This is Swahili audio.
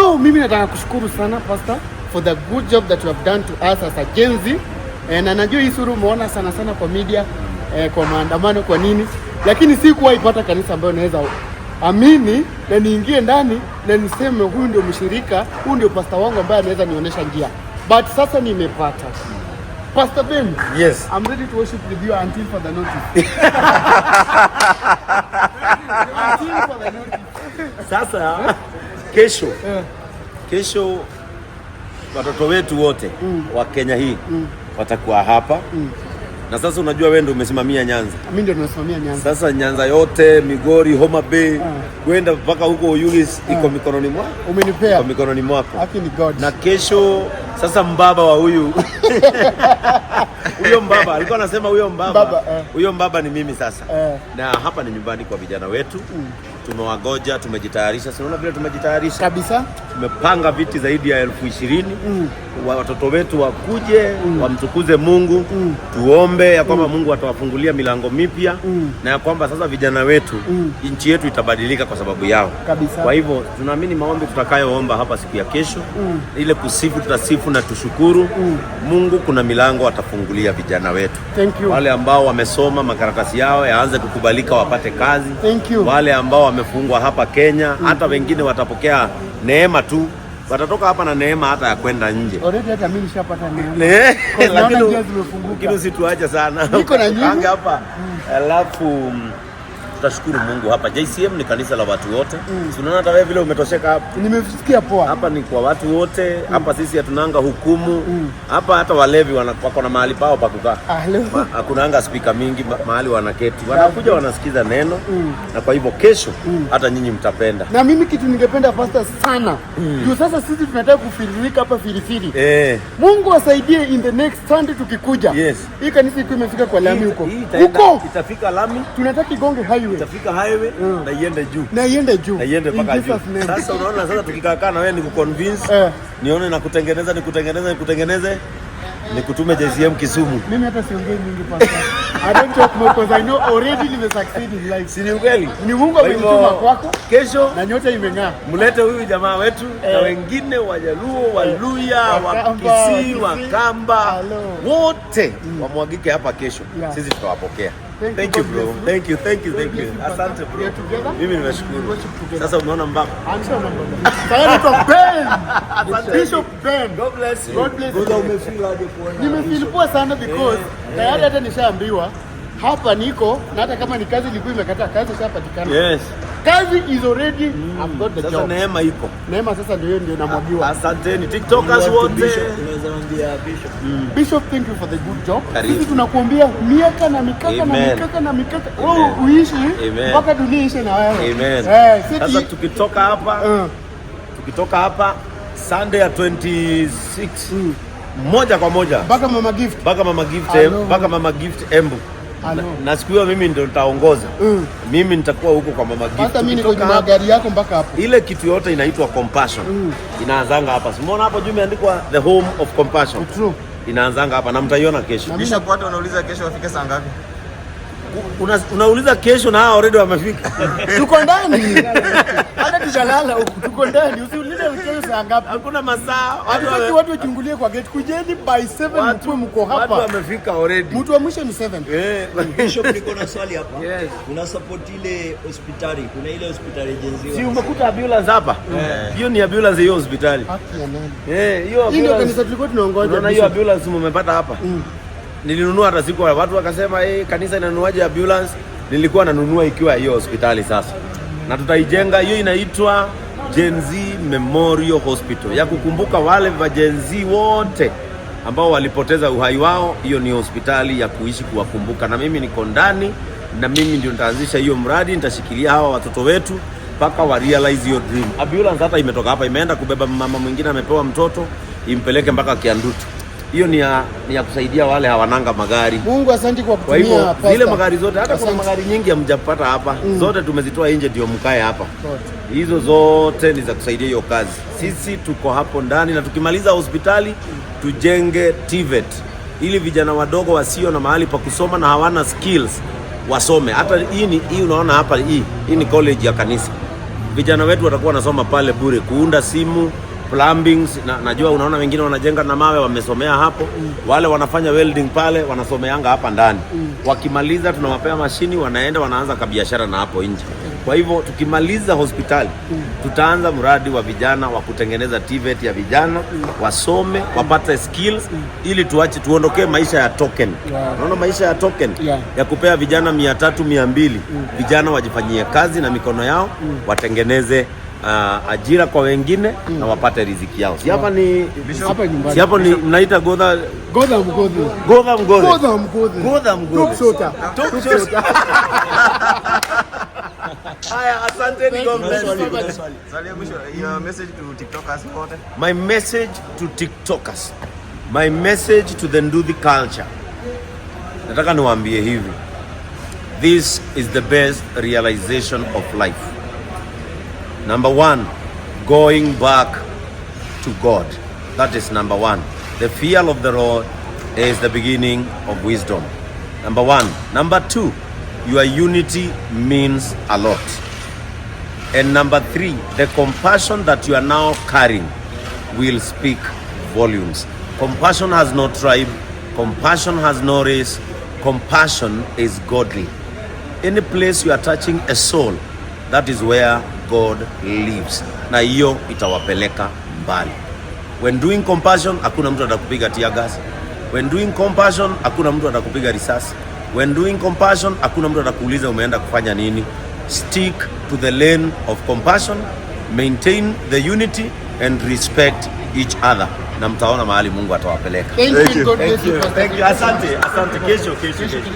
So mimi nataka kushukuru sana pastor for the good job that you have done to us as a Gen Z. E, na najua hii suru umeona sana sana kwa media eh, kwa maandamano kwa nini, lakini si kuwa ipata kanisa ambayo naweza amini na niingie ndani na niseme huyu ndio mshirika, huyu ndio pastor wangu ambaye anaweza nionyesha njia, but sasa nimepata Pastor Ben, yes. I'm ready to worship with you until for the notice. Until for the notice. Sasa kesho yeah. Kesho watoto wetu wote mm. wa Kenya hii mm. watakuwa hapa mm. na sasa, unajua wewe ndio umesimamia Nyanza, mimi ndio nasimamia Nyanza. Sasa Nyanza yote, Migori, Homa Bay ah. kwenda mpaka huko Uyulis yeah. iko mikononi mwako, umenipea iko mikononi mwako, na kesho sasa mbaba wa huyu huyo mbaba alikuwa anasema huyo mbaba huyo mbaba, eh. mbaba ni mimi sasa eh. na hapa ni nyumbani kwa vijana wetu mm tumewagoja, tumejitayarisha, sinaona vile tumejitayarisha kabisa tumepanga viti zaidi ya elfu ishirini mm. watoto wetu wakuje mm. wamtukuze Mungu mm. tuombe ya kwamba mm. Mungu atawafungulia milango mipya mm. na ya kwamba sasa vijana wetu mm. nchi yetu itabadilika kwa sababu yao kabisa. Kwa hivyo tunaamini maombi tutakayoomba hapa siku ya kesho mm. ile kusifu, tutasifu na tushukuru mm. Mungu kuna milango atafungulia vijana wetu. Thank you. Wale ambao wamesoma makaratasi yao yaanze kukubalika, wapate kazi. Thank you. Wale ambao wamefungwa hapa Kenya mm. hata wengine watapokea neema tu watatoka hapa na neema hata ya kwenda nje. Lakini usituache sana. Niko na hapa. Alafu mm, Tutashukuru Mungu hapa JCM ni kanisa la watu wote. Mm. Unaona hata wewe vile umetosheka hapa. Nimesikia poa. Hapa ni kwa watu wote. Mm. Hapa sisi hatunanga hukumu. Mm. Hapa Mm. hata walevi wako na mahali pao pa kukaa. Ah, Hakuna anga spika mingi mahali wanaketi. Wanakuja wanasikiza neno. Mm. Na kwa hivyo kesho mm. hata nyinyi mtapenda. Na mimi kitu ningependa pastor sana. Mm. Juu sasa sisi tunataka kufiririka hapa filifili. Eh. Mungu asaidie in the next Sunday tukikuja. Yes. Hii kanisa iko imefika kwa lami huko. Huko itafika lami. Tunataka igonge hayo itafika highway ah. na iende juu na iende juu na iende mpaka juu. Sasa unaona, sasa tukikaa kaa na wewe nikuconvince, eh. nione na kutengeneza, nikutengeneza, nikutengeneze nikutume JCM Kisumu. Mimi hata siongei mingi kwa sasa. I don't talk more because I know already nime succeed in life. Si ni ukweli? Ni Mungu amenituma kwako. Kesho na nyote imeng'aa. Mlete huyu jamaa wetu eh, na wengine Wajaluo, Waluya, eh. Wakisii, Wakamba wote mm. wamwagike hapa kesho. Sisi tutawapokea. Thank you bro. Thank you, thank you, thank you. Asante bro. Mimi nimeshukuru. Sasa umeona Mbappe. Bishop Ben. God bless you. God bless you. Umefeel aje kuona? Nimefeel poa sana because tayari hata nishaambiwa hapa niko na hata kama ni kazi ilikuwa imekataa kazi ishapatikana. Yes. Kazi is already mm. I've got the sasa job. Neema iko neema sasa ndio ndio namwagiwa. Asanteni tiktokers wote. Bishop, mm. Bishop, thank you for the good job. Sisi tunakuambia miaka na mikaka na mikaka na mikaka wewe oh, uishi eh? mpaka dunia ishe na wewe. Amen. Eh, sasa tukitoka hapa uh, tukitoka hapa Sunday ya 26 mm. moja kwa moja mpaka Mama Gift mpaka Mama Gift mpaka Mama Gift Embu na siku hiyo mimi ndio nitaongoza mm. Mimi nitakuwa huko kwa mama Gift. Hata mimi niko nyuma gari yako mpaka hapo. Ile kitu yote inaitwa compassion mm. Inaanzanga hapa, simuona hapo juu imeandikwa the home of compassion. True. Inaanzanga hapa na mtaiona kesho. Kisha kwa watu wanauliza kesho wafike saa ngapi? Una, unauliza kesho na hao already wamefika. Tuko ndani. tushalala huku, tuko ndani, usiulize saa ngapi. Hakuna masaa, watu watu wachungulie kwa gate, kujeni by 7 mtu mko hapa, watu wamefika already, mtu wa mwisho ni 7. Eh, bishop, niko na swali hapa. Yes, una support ile hospitali, kuna ile hospitali jenziwa, si umekuta ambulance hapa? Eh. Hiyo ni ambulance hiyo hospitali. Ah, eh, hiyo ambulance kanisa tulikuwa tunaongoja. hiyo ambulance mmepata hapa, mm. nilinunua hata siku, watu wakasema eh, kanisa inanunuaje ambulance? Nilikuwa nanunua ikiwa hiyo hospitali sasa na tutaijenga hiyo, inaitwa Gen Z Memorial Hospital ya kukumbuka wale wa Gen Z wote ambao walipoteza uhai wao. Hiyo ni hospitali ya kuishi kuwakumbuka, na mimi niko ndani, na mimi ndio nitaanzisha hiyo mradi, nitashikilia hawa watoto wetu mpaka wa realize your dream. Ambulance hata imetoka hapa, imeenda kubeba mama mwingine, amepewa mtoto, impeleke mpaka Kiandutu hiyo ni ya, ni ya kusaidia wale hawananga magari. Mungu asante kwa kutumia. Kwa hivyo zile magari zote hata asante. Kuna magari nyingi hamjapata hapa mm. Zote tumezitoa nje ndio mkae hapa zote. Hizo zote ni za kusaidia hiyo kazi. Sisi tuko hapo ndani na tukimaliza hospitali tujenge TVET ili vijana wadogo wasio na mahali pa kusoma na hawana skills wasome. Hata hii ni hii unaona hapa hii hii ni college ya kanisa, vijana wetu watakuwa wanasoma pale bure kuunda simu plumbings na, najua unaona wengine wanajenga na mawe wamesomea hapo mm. Wale wanafanya welding pale wanasomeanga hapa ndani mm. Wakimaliza tunawapea mashini, wanaenda wanaanza kabiashara na hapo nje. Kwa hivyo tukimaliza hospitali mm. tutaanza mradi wa vijana wa kutengeneza TVET ya vijana mm. wasome wapate skills mm. ili tuache tuondokee maisha ya token yeah. Unaona maisha ya token yeah. ya kupea vijana mia tatu mia mbili mm. vijana wajifanyie kazi na mikono yao mm. watengeneze uh, ajira kwa wengine mm. na wapate riziki yao. Si hapa ni hapa si hapa ni mnaita godha godha mgodhi godha mgodhi godha mgodhi godha mgodhi top top shota Haya, asante. ni kwa mbele. God ya mwisho, Your message to TikTokers wote. My message to TikTokers. My message to the Ndudhi culture. Nataka niwaambie hivi. This is the best realization of life. Number one, going back to God. That is number one. The fear of the Lord is the beginning of wisdom. Number one. Number two, your unity means a lot. And number three, the compassion that you are now carrying will speak volumes. Compassion has no tribe, compassion has no race, compassion is godly. Any place you are touching a soul, that is where God lives, na hiyo itawapeleka mbali. When doing compassion, hakuna mtu atakupiga tear gas. When doing compassion, hakuna mtu atakupiga risasi. When doing compassion, hakuna mtu atakuuliza umeenda kufanya nini. Stick to the lane of compassion, maintain the unity and respect each other na mtaona mahali Mungu atawapeleka. Thank you. Thank you. Asante, asante. Kesho, kesho, kesho.